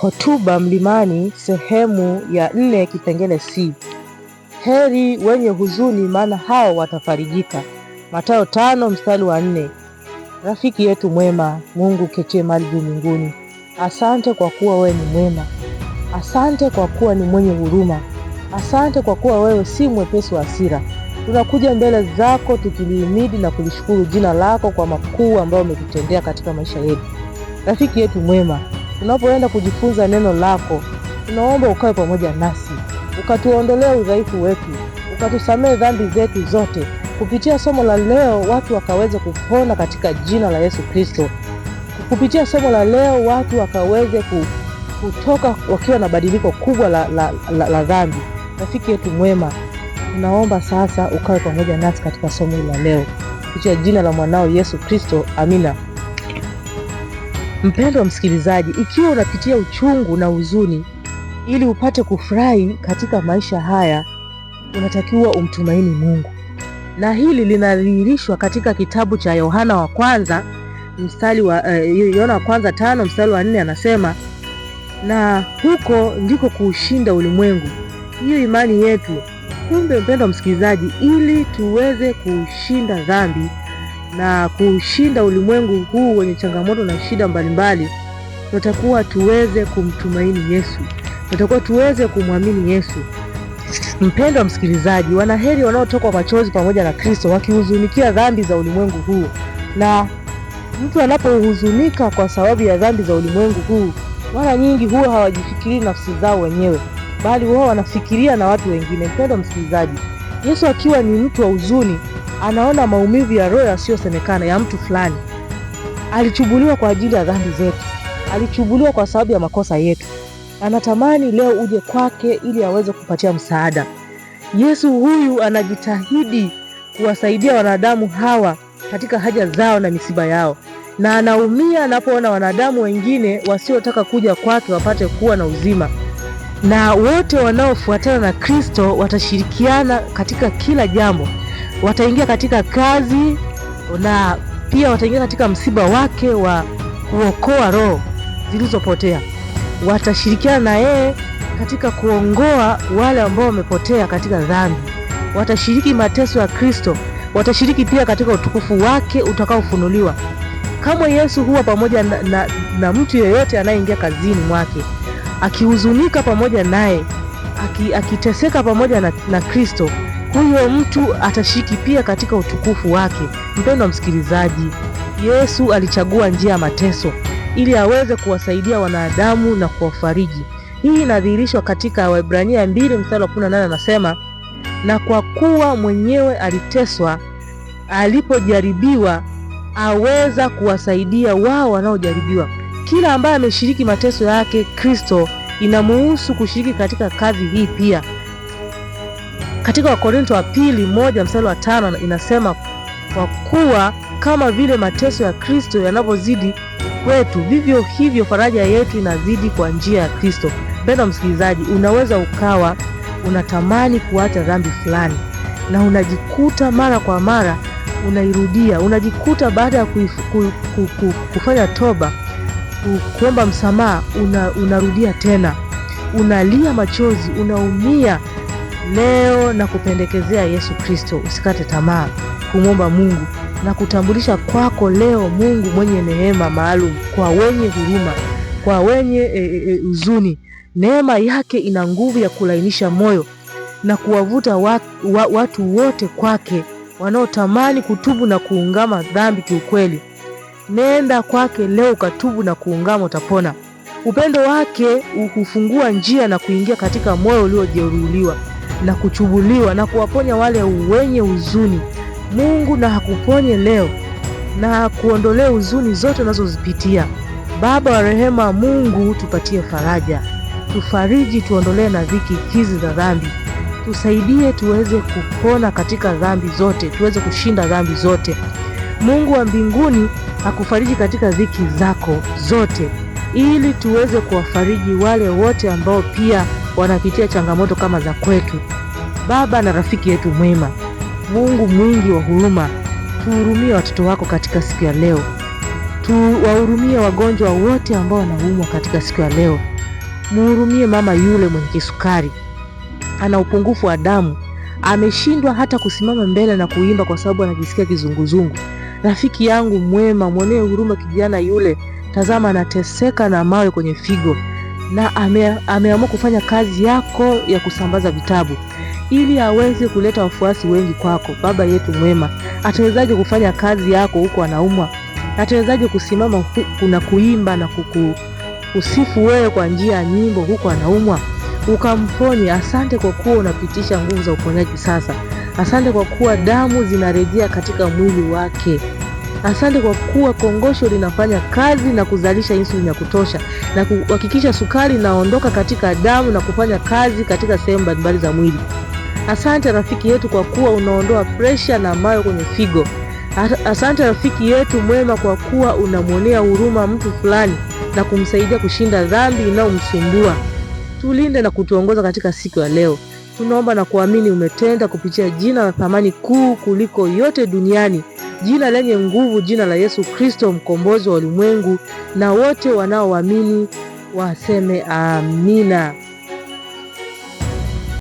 Hotuba Mlimani sehemu ya nne kipengele C. Heri wenye huzuni, maana hao watafarijika. Mathayo tano mstari wa nne. Rafiki yetu mwema, Mungu ketie mali juu mbinguni, asante kwa kuwa wewe ni mwema, asante kwa kuwa ni mwenye huruma, asante kwa kuwa wewe si mwepesi wa hasira. Tunakuja mbele zako tukilihimidi na kulishukuru jina lako kwa makuu ambayo umetutendea katika maisha yetu. Rafiki yetu mwema Unapoenda kujifunza neno lako, tunaomba ukawe pamoja nasi, ukatuondolea udhaifu wetu, ukatusamehe dhambi zetu zote, kupitia somo la leo watu wakaweze kupona katika jina la Yesu Kristo. Kupitia somo la leo watu wakaweze kutoka wakiwa na badiliko kubwa la, la, la, la dhambi. Rafiki yetu mwema, tunaomba sasa ukawe pamoja nasi katika somo la leo kupitia jina la mwanao Yesu Kristo, amina. Mpendwa msikilizaji, ikiwa unapitia uchungu na huzuni, ili upate kufurahi katika maisha haya, unatakiwa umtumaini Mungu, na hili linadhihirishwa katika kitabu cha Yohana wa kwanza mstari wa uh, Yohana wa kwanza tano mstari wa nne anasema, na huko ndiko kuushinda ulimwengu, hiyo imani yetu. Kumbe mpendwa msikilizaji, ili tuweze kuushinda dhambi na kushinda ulimwengu huu wenye changamoto na shida mbalimbali, tunatakuwa tuweze kumtumaini Yesu, tunatakuwa tuweze kumwamini Yesu. Mpendwa msikilizaji, wanaheri wanaotokwa machozi pamoja na Kristo, wakihuzunikia dhambi za ulimwengu huu. Na mtu anapohuzunika kwa sababu ya dhambi za ulimwengu huu, mara nyingi huwa hawajifikirii nafsi zao wenyewe, bali wao wanafikiria na watu wengine. Mpendwa msikilizaji, Yesu akiwa ni mtu wa huzuni anaona maumivu ya roho yasiyosemekana ya mtu fulani. Alichubuliwa kwa ajili ya dhambi zetu, alichubuliwa kwa sababu ya makosa yetu. Anatamani leo uje kwake ili aweze kupatia msaada. Yesu huyu anajitahidi kuwasaidia wanadamu hawa katika haja zao na misiba yao, na anaumia anapoona wanadamu wengine wasiotaka kuja kwake wapate kuwa na uzima. Na wote wanaofuatana na Kristo watashirikiana katika kila jambo wataingia katika kazi na pia wataingia katika msiba wake wa kuokoa roho zilizopotea. Watashirikiana na yeye katika kuongoa wale ambao wamepotea katika dhambi. Watashiriki mateso ya Kristo, watashiriki pia katika utukufu wake utakaofunuliwa. Kama Yesu huwa pamoja na, na, na mtu yeyote anayeingia kazini mwake, akihuzunika pamoja naye, akiteseka pamoja na, na Kristo huyo mtu atashiriki pia katika utukufu wake. Mpendwa msikilizaji, Yesu alichagua njia ya mateso ili aweze kuwasaidia wanadamu na kuwafariji. Hii inadhihirishwa katika Waebrania mbili mstari wa anasema, na kwa kuwa mwenyewe aliteswa alipojaribiwa, aweza kuwasaidia wao wanaojaribiwa. Kila ambaye ameshiriki mateso yake Kristo, inamuhusu kushiriki katika kazi hii pia katika Wakorinto wa pili moja mstari wa tano inasema kwa kuwa kama vile mateso ya Kristo yanavyozidi kwetu, vivyo hivyo faraja yetu inazidi kwa njia ya Kristo. Mpendwa msikilizaji, unaweza ukawa unatamani kuacha dhambi fulani na unajikuta mara kwa mara unairudia, unajikuta baada ya kufanya toba, kuomba msamaha, una, unarudia tena, unalia machozi, unaumia Leo na kupendekezea Yesu Kristo, usikate tamaa kumwomba Mungu na kutambulisha kwako leo Mungu mwenye neema maalum kwa wenye huruma, kwa wenye e, E, e, neema yake ina nguvu ya kulainisha moyo na kuwavuta watu, wa, watu wote kwake wanaotamani kutubu na kuungama dhambi kiukweli. Nenda kwake leo ukatubu na kuungama, utapona. Upendo wake hufungua njia na kuingia katika moyo uliojeruhiwa na kuchubuliwa na kuwaponya wale wenye huzuni. Mungu na hakuponye leo na akuondolee huzuni zote unazozipitia. Baba wa rehema, Mungu tupatie faraja, tufariji, tuondolee na dhiki hizi za dhambi, tusaidie tuweze kupona katika dhambi zote, tuweze kushinda dhambi zote. Mungu wa mbinguni akufariji katika dhiki zako zote, ili tuweze kuwafariji wale wote ambao pia wanapitia changamoto kama za kwetu. Baba na rafiki yetu mwema, Mungu mwingi wa huruma, tuhurumie watoto wako katika siku ya leo, tuwahurumie wagonjwa wote ambao wanaumwa katika siku ya leo. Muhurumie mama yule mwenye kisukari, ana upungufu wa damu, ameshindwa hata kusimama mbele na kuimba kwa sababu anajisikia kizunguzungu. Rafiki yangu mwema, mwonee huruma kijana yule, tazama anateseka na mawe kwenye figo na ameamua kufanya kazi yako ya kusambaza vitabu ili aweze kuleta wafuasi wengi kwako. Baba yetu mwema, atawezaje kufanya kazi yako huko anaumwa? Atawezaje kusimama kuna na kuimba na kuku, wewe kwa njia ya nyimbo huko anaumwa? Ukamponye. Asante kwa kuwa unapitisha nguvu za uponyaji sasa. Asante kwa kuwa damu zinarejea katika mwili wake. Asante kwa kuwa kongosho linafanya kazi na kuzalisha insulini ya kutosha na kuhakikisha sukari inaondoka katika damu na kufanya kazi katika sehemu mbalimbali za mwili. Asante rafiki yetu kwa kuwa unaondoa presha na mayo kwenye figo. Asante rafiki yetu mwema kwa kuwa unamwonea huruma mtu fulani na kumsaidia kushinda dhambi inayomsumbua. Tulinde na kutuongoza katika siku ya leo. Tunaomba na kuamini umetenda kupitia jina la thamani kuu kuliko yote duniani, jina lenye nguvu, jina la Yesu Kristo, mkombozi wa ulimwengu, na wote wanaoamini waseme amina.